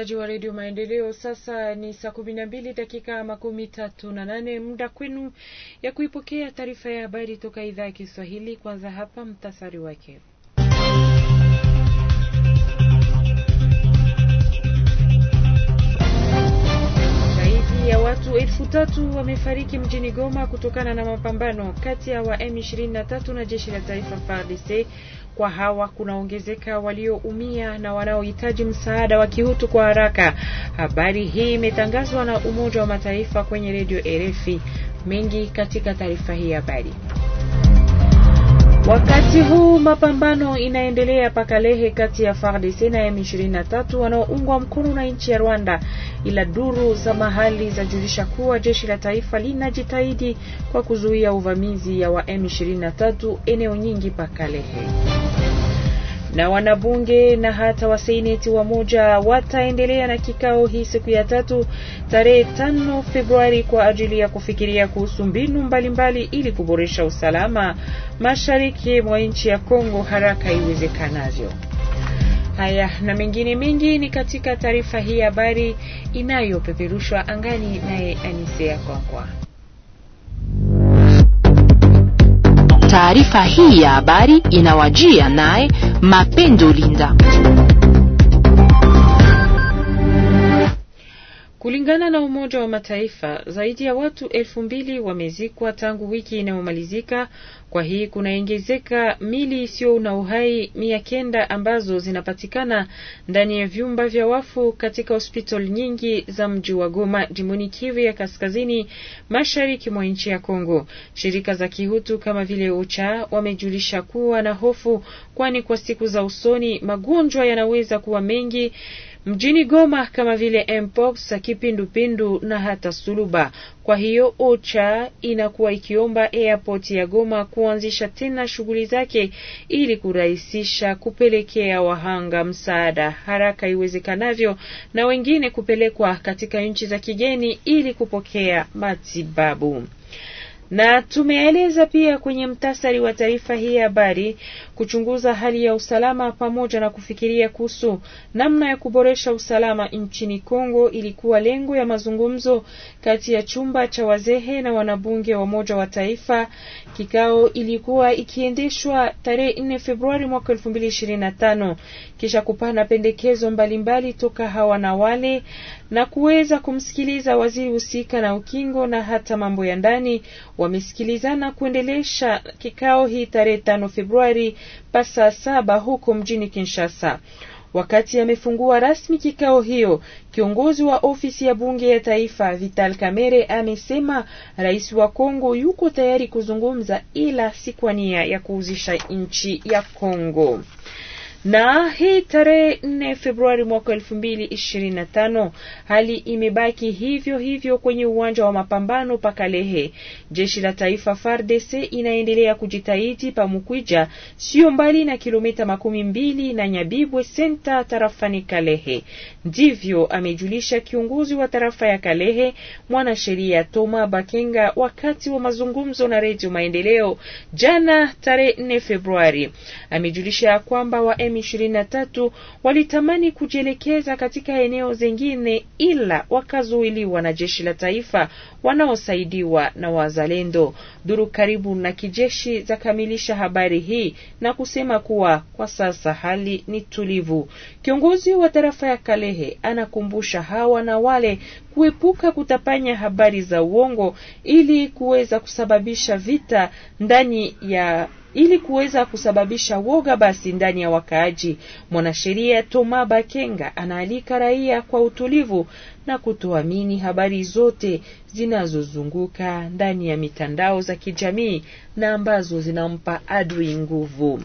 msikilizaji wa redio Maendeleo, sasa ni saa kumi na mbili dakika makumi tatu na nane muda kwenu ya kuipokea taarifa ya habari toka idhaa ya Kiswahili. Kwanza hapa mtasari wake. ya watu elfu tatu wamefariki mjini Goma kutokana na mapambano kati ya wa M23 na jeshi la taifa FARDC kwa hawa kunaongezeka walioumia na wanaohitaji msaada wa kiutu kwa haraka. Habari hii imetangazwa na Umoja wa Mataifa kwenye redio RFI. Mengi katika taarifa hii habari. Wakati huu mapambano inaendelea Pakalehe kati ya FARDC na M23 wanaoungwa mkono na nchi ya Rwanda, ila duru za mahali zajulisha kuwa jeshi la taifa linajitahidi kwa kuzuia uvamizi ya wa M23 eneo nyingi Pakalehe na wanabunge na hata waseneti wamoja wataendelea na kikao hii siku ya tatu tarehe tano Februari kwa ajili ya kufikiria kuhusu mbinu mbalimbali ili kuboresha usalama mashariki mwa nchi ya Kongo haraka iwezekanavyo. Haya na mengine mengi ni katika taarifa hii habari inayopeperushwa angani naye Anisea Kwakwa. Taarifa hii ya habari inawajia naye Mapendo Linda. Kulingana na Umoja wa Mataifa, zaidi ya watu elfu mbili wamezikwa tangu wiki inayomalizika kwa hii kunaongezeka mili isiyo na uhai mia kenda ambazo zinapatikana ndani ya vyumba vya wafu katika hospitali nyingi za mji wa Goma jimboni Kivu ya kaskazini mashariki mwa nchi ya Kongo. Shirika za kihutu kama vile OCHA wamejulisha kuwa na hofu, kwani kwa siku za usoni magonjwa yanaweza kuwa mengi mjini Goma kama vile mpox, kipindupindu na hata suluba. Kwa hiyo OCHA inakuwa ikiomba airport ya Goma kuanzisha tena shughuli zake ili kurahisisha kupelekea wahanga msaada haraka iwezekanavyo na wengine kupelekwa katika nchi za kigeni ili kupokea matibabu. Na tumeeleza pia kwenye mtasari wa taarifa hii habari, kuchunguza hali ya usalama pamoja na kufikiria kuhusu namna ya kuboresha usalama nchini Kongo ilikuwa lengo ya mazungumzo kati ya chumba cha wazee na wanabunge wa Umoja wa Taifa. Kikao ilikuwa ikiendeshwa tarehe 4 Februari mwaka 2025 kisha kupana pendekezo mbalimbali mbali toka hawa na wale na kuweza kumsikiliza waziri husika na ukingo na hata mambo ya ndani wamesikilizana kuendelesha kikao hii tarehe tano Februari pa saa saba huko mjini Kinshasa. Wakati amefungua rasmi kikao hiyo, kiongozi wa ofisi ya bunge ya taifa Vital Kamerhe amesema rais wa Kongo yuko tayari kuzungumza, ila si kwa nia ya kuuzisha nchi ya Kongo. Na hii tarehe nne Februari mwaka tano hali imebaki hivyo hivyo kwenye uwanja wa mapambano Pakalehe. Jeshi la taifa FARDC inaendelea kujitahidi Pamukwija, sio mbali na kilomita makumi mbili na Nyabibwe senta tarafani Kalehe. Ndivyo amejulisha kiongozi wa tarafa ya Kalehe mwanasheria Toma Bakenga wakati wa mazungumzo na Redio Maendeleo jana tarehe nne Februari. Amejulisha ya kwamba wa M23 walitamani kujielekeza katika eneo zingine, ila wakazuiliwa na jeshi la taifa wanaosaidiwa na wazalendo. Duru karibu na kijeshi zakamilisha habari hii na kusema kuwa kwa sasa hali ni tulivu. Kiongozi wa tarafa ya Kalehe anakumbusha hawa na wale kuepuka kutapanya habari za uongo ili kuweza kusababisha vita ndani ya ili kuweza kusababisha woga basi ndani ya wakaaji. Mwanasheria Toma Bakenga anaalika raia kwa utulivu na kutoamini habari zote zinazozunguka ndani ya mitandao za kijamii na ambazo zinampa adui nguvu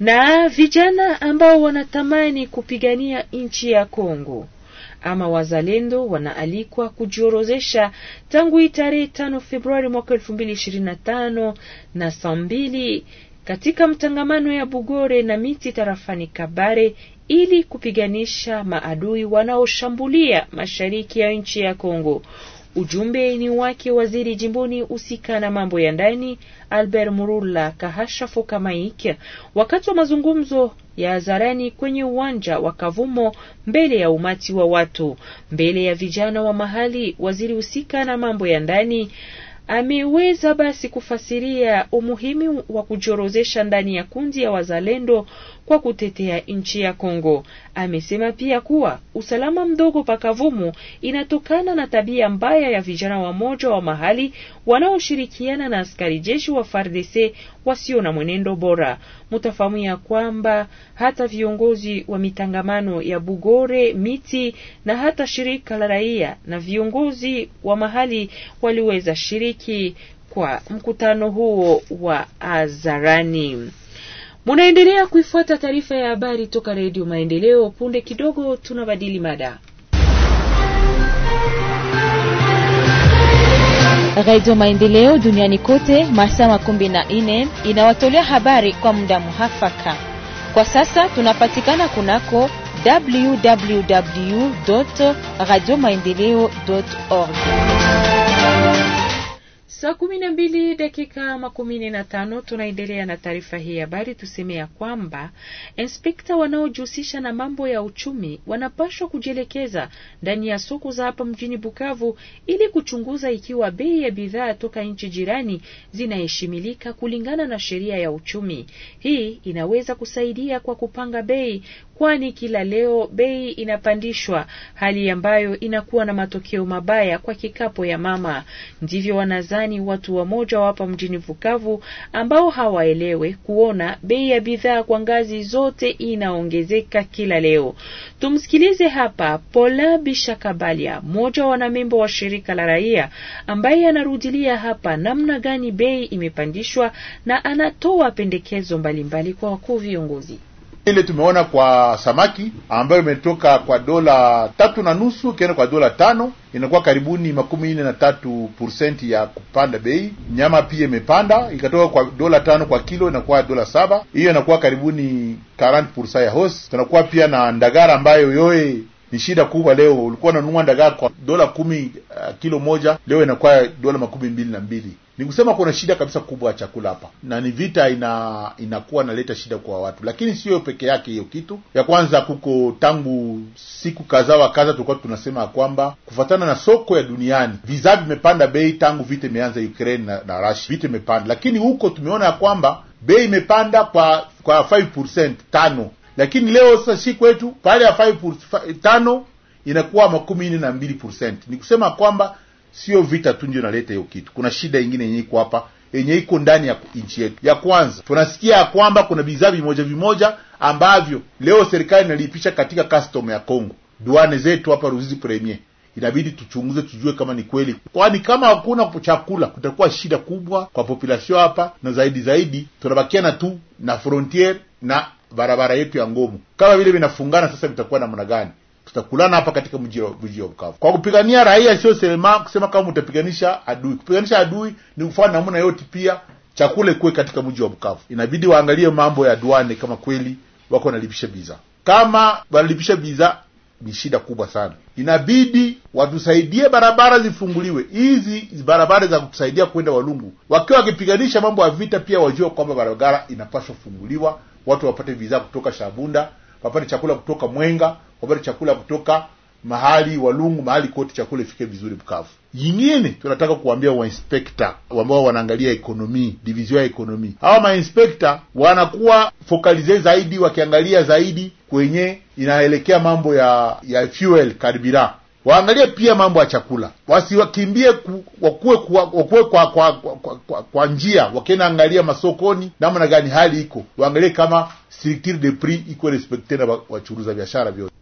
na vijana ambao wanatamani kupigania nchi ya Kongo ama wazalendo wanaalikwa kujiorozesha tangu tarehe tano Februari mwaka elfu mbili ishirini na tano na saa mbili katika mtangamano ya Bugore na miti tarafani Kabare ili kupiganisha maadui wanaoshambulia mashariki ya nchi ya Kongo. Ujumbe ni wake waziri jimboni husika na mambo ya ndani Albert Murula Kahashafu Kamaike wakati wa mazungumzo ya hadharani kwenye uwanja wa Kavumo mbele ya umati wa watu, mbele ya vijana wa mahali. Waziri husika na mambo ya ndani ameweza basi kufasiria umuhimu wa kujorozesha ndani ya kundi ya wazalendo kwa kutetea nchi ya Kongo. Amesema pia kuwa usalama mdogo pakavumu inatokana na tabia mbaya ya vijana wamoja wa mahali wanaoshirikiana na askari jeshi wa FARDC wasio na mwenendo bora. Mutafahamu ya kwamba hata viongozi wa mitangamano ya Bugore miti na hata shirika la raia na viongozi wa mahali waliweza shiriki kwa mkutano huo wa hadharani. Munaendelea kuifuata taarifa ya habari toka Redio Maendeleo. Punde kidogo tunabadili mada. Redio Maendeleo duniani kote masaa makumi na nne inawatolea habari kwa muda muhafaka. Kwa sasa tunapatikana kunako www radio maendeleo org Saa kumi na mbili dakika makumi nne na tano tunaendelea na taarifa hii habari. Tuseme ya kwamba inspekta wanaojihusisha na mambo ya uchumi wanapashwa kujielekeza ndani ya soko za hapa mjini Bukavu ili kuchunguza ikiwa bei ya bidhaa toka nchi jirani zinaheshimilika kulingana na sheria ya uchumi. Hii inaweza kusaidia kwa kupanga bei, kwani kila leo bei inapandishwa, hali ambayo inakuwa na matokeo mabaya kwa kikapo ya mama. Ndivyo wanazani ni watu wamoja hapa mjini Vukavu ambao hawaelewe kuona bei ya bidhaa kwa ngazi zote inaongezeka kila leo. Tumsikilize hapa Pola Bishakabalia, mmoja wa wanamembo wa shirika la raia, ambaye anarudilia hapa namna gani bei imepandishwa na anatoa pendekezo mbalimbali mbali kwa wakuu viongozi ile tumeona kwa samaki ambayo imetoka kwa dola tatu na nusu ikienda kwa dola tano inakuwa karibuni makumi nne na tatu pursenti ya kupanda bei. Nyama pia imepanda ikatoka kwa dola tano kwa kilo inakuwa dola saba. Hiyo inakuwa karibuni 40 pursa ya hos. Tunakuwa pia na ndagara ambayo yoye ni shida kubwa leo. Ulikuwa unanunua ndagara kwa dola kumi uh, kilo moja, leo inakuwa dola makumi mbili na mbili. Ni kusema kuna shida kabisa kubwa ya chakula hapa, na ni vita ina inakuwa naleta shida kwa watu, lakini sio peke yake hiyo kitu. Ya kwanza kuko tangu siku kadhaa wa kadhaa tulikuwa tunasema kwamba kufatana na soko ya duniani vizaa vimepanda bei tangu vita imeanza Ukraine na, na Russia vita imepanda, lakini huko tumeona ya kwamba bei imepanda kwa kwa 5% tano, lakini leo sasa si kwetu pale ya 5% tano inakuwa makumi nne na mbili percent. Ni kusema kwamba Sio vita tu ndio naleta hiyo kitu, kuna shida ingine yenye iko hapa yenye iko ndani ya nchi yetu. Ya kwanza tunasikia ya kwamba kuna bidhaa vimoja vimoja ambavyo leo serikali inalipisha katika custom ya Kongo, duane zetu hapa Ruzizi Premier. Inabidi tuchunguze tujue kama ni kweli, kwani kama hakuna chakula kutakuwa shida kubwa kwa population hapa, na zaidi zaidi tunabakiana tu na frontier na barabara yetu ya Ngomo, kama vile vinafungana sasa, vitakuwa namna gani? tutakulana hapa katika mji wa Bukavu kwa kupigania raia, sio selema kusema kama utapiganisha adui. Kupiganisha adui ni kufanya namna yote, pia chakula kuwe katika mji wa Bukavu. Inabidi waangalie mambo ya duane, kama kweli wako wanalipisha biza. Kama wanalipisha biza ni shida kubwa sana, inabidi watusaidie, barabara zifunguliwe, hizi barabara za kutusaidia kwenda Walungu. Wakiwa wakipiganisha mambo ya vita, pia wajue kwamba barabara inapaswa kufunguliwa, watu wapate viza kutoka Shabunda wapate chakula kutoka Mwenga, wapate chakula kutoka mahali Walungu, mahali kote chakula ifike vizuri Bukavu. Yingine tunataka kuambia wainspekta ambao wanaangalia ekonomi, divizio ya ekonomi, hawa mainspekta wanakuwa fokalize zaidi, wakiangalia zaidi kwenye inaelekea mambo ya ya fuel karibira waangalie pia mambo ya chakula, wasiwakimbie wakuwe, kwa, wakuwe kwa, kwa, kwa, kwa, kwa, kwa njia wakienda angalia masokoni namna gani hali iko, waangalie kama structure de prix iko respecte na wachuruza biashara vyote.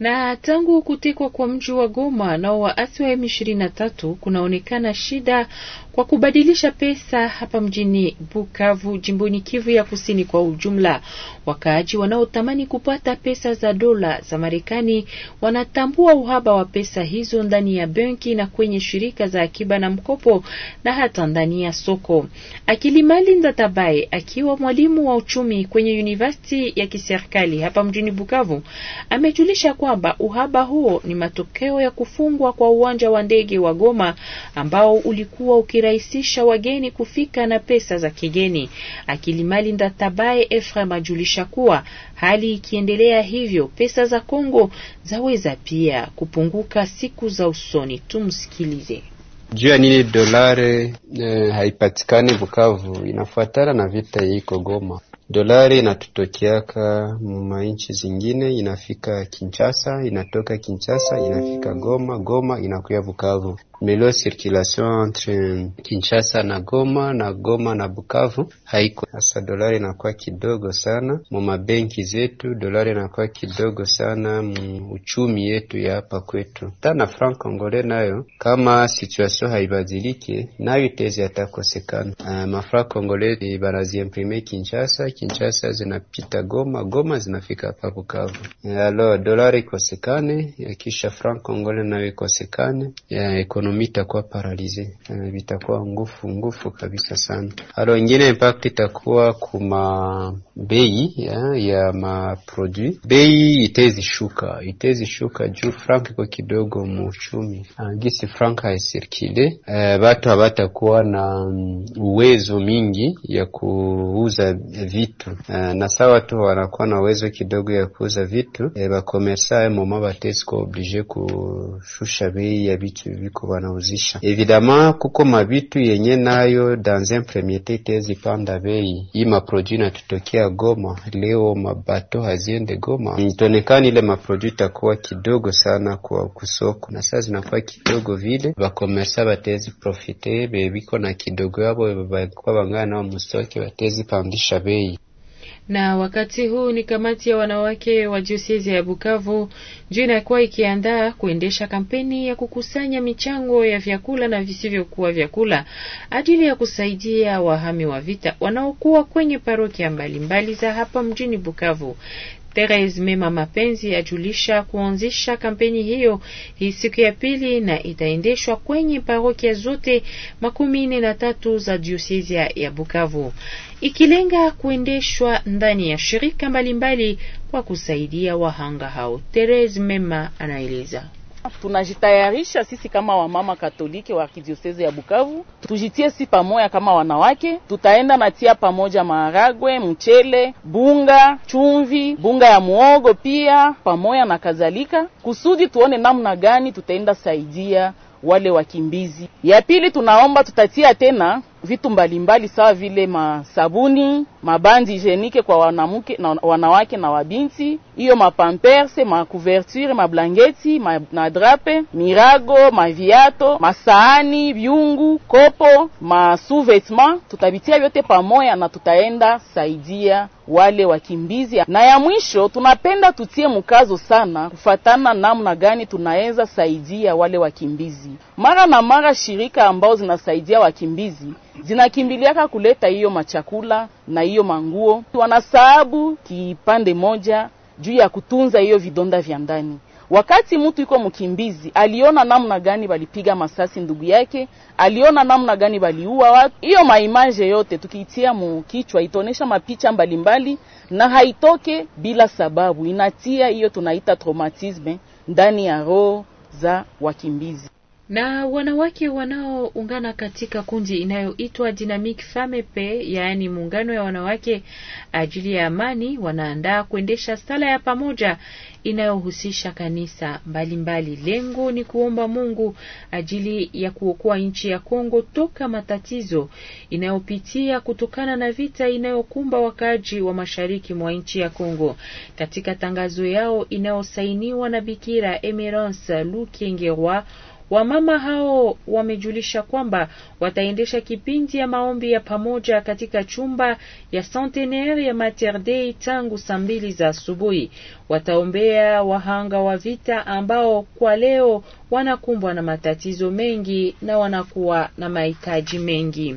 Na tangu kutekwa kwa mji wa Goma na waasi wa M23 kunaonekana shida kwa kubadilisha pesa hapa mjini Bukavu, jimboni Kivu ya Kusini. Kwa ujumla, wakaaji wanaotamani kupata pesa za dola za Marekani wanatambua uhaba wa pesa hizo ndani ya benki na kwenye shirika za akiba na mkopo na hata ndani ya soko. Akilimali Ndatabai akiwa mwalimu wa uchumi kwenye university ya kiserikali hapa mjini Bukavu amejulisha kwamba uhaba huo ni matokeo ya kufungwa kwa uwanja wa ndege wa Goma ambao ulikuwa ukirahisisha wageni kufika na pesa za kigeni. Akilimali Ndatabaye Efraim ajulisha kuwa hali ikiendelea hivyo, pesa za Kongo zaweza pia kupunguka siku za usoni. Tumsikilize. Juu ya nini dolare eh, haipatikani Bukavu, inafuatana na vita iko Goma. Dolari inatutokeaka nchi zingine inafika Kinchasa inatoka Kinchasa inafika Goma Goma inakuya Bukavu melo circulation entre Kinshasa na Goma na Goma na Bukavu haiko hasa. Dolari inakuwa kidogo sana mu mabenki zetu, dolari inakuwa kidogo sana mu uchumi yetu ya hapa kwetu. Tana franc congolais nayo kama situation haibadilike, nayo tezi yatakosekana. Uh, ah, mafranc congolais eh, banaziimprime Kinshasa, Kinshasa zinapita Goma, Goma zinafika hapa Bukavu. Eh, alors dolari ikosekane, kisha franc congolais nayo ikosekane, ya ekonomi ekonomi itakuwa paralize, vitakuwa eh, ngufu ngufu kabisa sana. Halo wengine impact itakuwa kuma bei eh, ya, ya maprodui, bei itezi shuka juu frank iko kidogo muchumi, angisi ah, frank haisirkile eh, batu eh, habatakuwa na mm, uwezo mingi ya kuuza vitu eh, na sawa watu wanakuwa na uwezo kidogo ya kuuza vitu eh, bakomersa moma bateziko oblige kushusha bei ya vitu viko wanauzisha. Evidama kuko mabitu yenye nayo dans un premier tezi panda bei. Hii maproduit inatutokea Goma leo, mabato haziende Goma, itonekana ile maproduit itakuwa kidogo sana kwa kusoko, na saa zinakuwa kidogo vile bakomersa batezi profite bebiko na kidogo yabo bakuwa bangana nao musoke batezi pandisha bei na wakati huu ni kamati ya wanawake wa diosezi ya Bukavu ndio inakuwa ikiandaa kuendesha kampeni ya kukusanya michango ya vyakula na visivyokuwa vyakula ajili ya kusaidia wahami wa vita wanaokuwa kwenye parokia mbalimbali za hapa mjini Bukavu. Therese Mema Mapenzi ajulisha kuanzisha kampeni hiyo hii siku ya pili na itaendeshwa kwenye parokia zote makumi nne na tatu za diosezi ya Bukavu, ikilenga kuendeshwa ndani ya shirika mbalimbali kwa kusaidia wahanga hao. Therese Mema anaeleza. Tunajitayarisha sisi kama wamama Katoliki wa kidiosezi ya Bukavu, tujitie si pamoja kama wanawake, tutaenda na tia pamoja maharagwe, mchele, bunga, chumvi, bunga ya muogo pia pamoja na kadhalika, kusudi tuone namna gani tutaenda saidia wale wakimbizi. Ya pili, tunaomba tutatia tena vitu mbalimbali sawa vile masabuni, mabandi higienike kwa wanamuke, na wanawake na wabinti, hiyo mapamperse, makuverture, mablangeti, madrape, mirago, maviato, masahani viungu, kopo, masouvetement, tutavitia vyote pamoya na tutaenda saidia wale wakimbizi. Na ya mwisho, tunapenda tutie mkazo sana kufatana namna gani tunaweza saidia wale wakimbizi. Mara na mara shirika ambao zinasaidia wakimbizi zinakimbiliaka kuleta hiyo machakula na hiyo manguo, wanasababu kipande moja juu ya kutunza hiyo vidonda vya ndani. Wakati mtu iko mkimbizi, aliona namna gani walipiga masasi ndugu yake, aliona namna gani waliua watu. Hiyo maimaje yote tukiitia mukichwa itaonesha mapicha mbalimbali mbali, na haitoke bila sababu, inatia hiyo tunaita traumatisme ndani ya roho za wakimbizi na wanawake wanaoungana katika kundi inayoitwa Dynamic Famepe, yaani muungano ya wanawake ajili ya amani, wanaandaa kuendesha sala ya pamoja inayohusisha kanisa mbalimbali. Lengo ni kuomba Mungu ajili ya kuokoa nchi ya Kongo toka matatizo inayopitia kutokana na vita inayokumba wakaaji wa mashariki mwa nchi ya Kongo. Katika tangazo yao inayosainiwa na Bikira Emerance Lukengerwa Wamama hao wamejulisha kwamba wataendesha kipindi ya maombi ya pamoja katika chumba ya Centenaire ya Mater Dei tangu saa mbili za asubuhi. Wataombea wahanga wa vita ambao kwa leo wanakumbwa na matatizo mengi na wanakuwa na mahitaji mengi.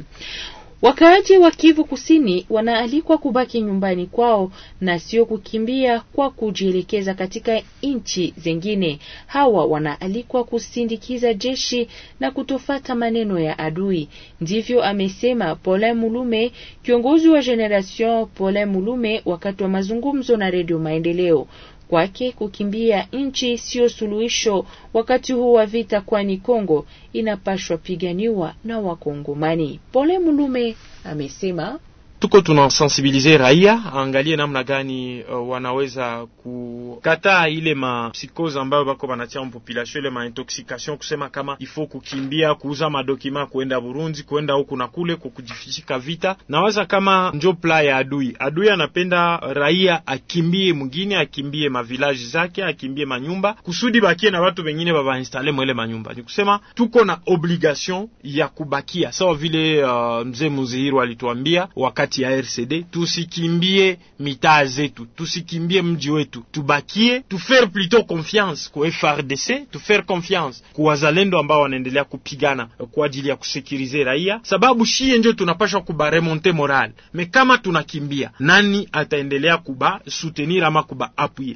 Wakaaji wa Kivu Kusini wanaalikwa kubaki nyumbani kwao na sio kukimbia kwa kujielekeza katika nchi zingine. Hawa wanaalikwa kusindikiza jeshi na kutofata maneno ya adui. Ndivyo amesema Pole Mulume, kiongozi wa Generation Pole Mulume, wakati wa mazungumzo na Redio Maendeleo. Kwake kukimbia nchi sio suluhisho wakati huu wa vita, kwani Kongo inapashwa piganiwa na Wakongomani. Pole Mulume amesema tuko tunasensibilize raia angalie namna gani uh, wanaweza kukataa ile mapsikoze ambayo bako banatia mpopulation, ile maintoxication, kusema kama ifo kukimbia kuuza madokima kuenda Burundi kuenda huku na kule kukujifishika vita, nawaza kama njo pla ya adui. Adui anapenda raia akimbie mwingine, akimbie mavilaji zake, akimbie manyumba, kusudi bakie na watu wengine installe mwele manyumba. Ni kusema tuko na obligation ya kubakia sawa vile uh, mzee Muzihiru alituambia wakati kati ya RCD, tusikimbie mitaa zetu, tusikimbie mji wetu, tubakie tufaire plutôt confiance ku FARDC, tufaire confiance ku wazalendo ambao wanaendelea kupigana kwa ajili ya kusikirize raia, sababu shi ndio tunapasha kubaremonte moral Me kama tunakimbia, nani ataendelea kuba soutenir ama kuba appuyer?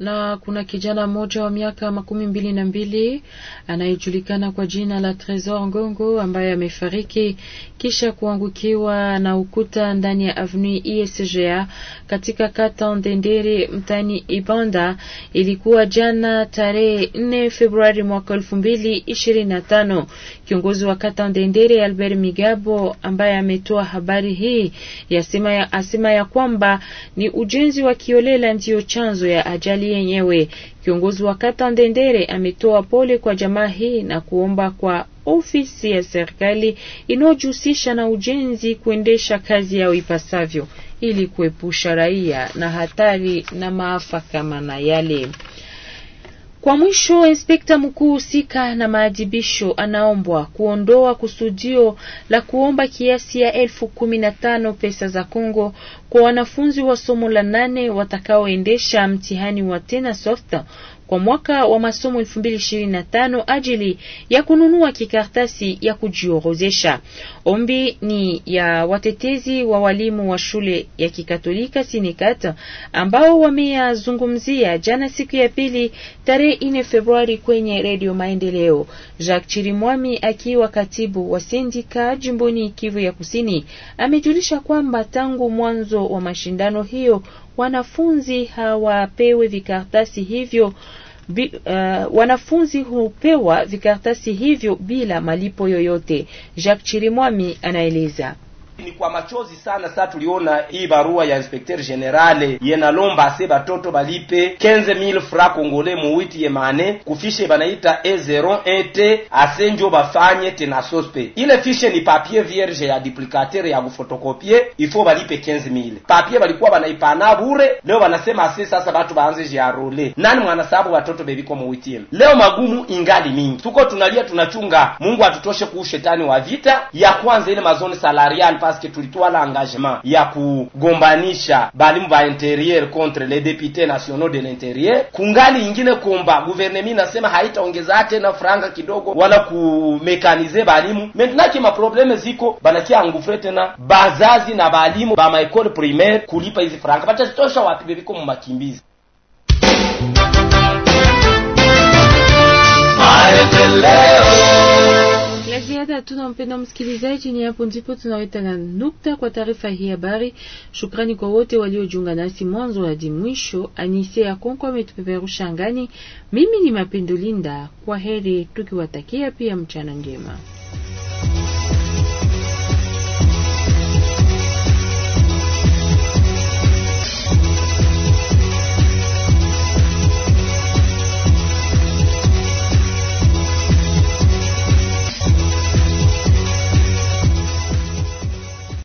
na kuna kijana mmoja wa miaka makumi mbili na mbili anayejulikana kwa jina la Tresor Ngongo ambaye amefariki kisha kuangukiwa na ukuta ndani ya avenue ISGA katika kata Ndendere mtani Ibanda. Ilikuwa jana tarehe 4 Februari mwaka elfu mbili ishirini na tano. Kiongozi wa kata Ndendere Albert Migabo ambaye ametoa habari hii yasema ya, asema ya kwamba ni ujenzi wa kiolela ndiyo chanzo ya ajali serikali yenyewe. Kiongozi wa kata Ndendere ametoa pole kwa jamaa hii na kuomba kwa ofisi ya serikali inayojihusisha na ujenzi kuendesha kazi yao ipasavyo ili kuepusha raia na hatari na maafa kama na yale. Kwa mwisho, inspekta mkuu husika na maadhibisho anaombwa kuondoa kusudio la kuomba kiasi ya elfu kumi na tano pesa za Kongo kwa wanafunzi wa somo la nane watakaoendesha mtihani wa tena soft kwa mwaka wa masomo 2025 ajili ya kununua kikartasi ya kujiorozesha. Ombi ni ya watetezi wa walimu wa shule ya Kikatolika Sinikat ambao wameyazungumzia jana siku ya pili tarehe 4 Februari kwenye Redio Maendeleo. Jacques Chirimwami akiwa katibu wa sindika jimboni Kivu ya Kusini amejulisha kwamba tangu mwanzo wa mashindano hiyo wanafunzi hawapewe vikaratasi hivyo Bi, uh, wanafunzi hupewa vikaratasi hivyo bila malipo yoyote. Jacques Chirimwami anaeleza. Ni kwa machozi sana Sasa tuliona hii barua ya inspecteur generale yenalomba ase batoto balipe 15000 francs congolais muwiti yemane kufishe banaita E01 et asenjo bafanye tena sospe. Ile fiche ni papier vierge ya duplicateur ya kufotokopie, ifo balipe 15000 papier balikuwa banaipana bure. Leo banasema ase sasa batu baanze jiarole nani sababu batoto bebiko muwiti leo magumu ingali mingi, tuko tunalia tunachunga, Mungu atutoshe kuu shetani wa vita ya kwanza ile mazone salarial paske tulitwala engagement ya kugombanisha balimu ba interieur contre les députés nationaux de l'interieur. Kungali ingine komba guvernemi inasema haitaongeza tena franga kidogo wala kumekanize balimu ma maprobleme ziko banakia angufre tena bazazi na balimu ba maekole primaire kulipa hizi franga batazitosha wapi bebiko mu makimbizi na mpendwa msikilizaji, ni hapo ndipo tunaweta na nukta kwa taarifa hii habari. Shukrani kwa wote waliojiunga nasi mwanzo hadi mwisho. Anise ya Konko ametupeperusha ngani. Mimi ni Mapendo Linda, kwa heri tukiwatakia pia mchana njema.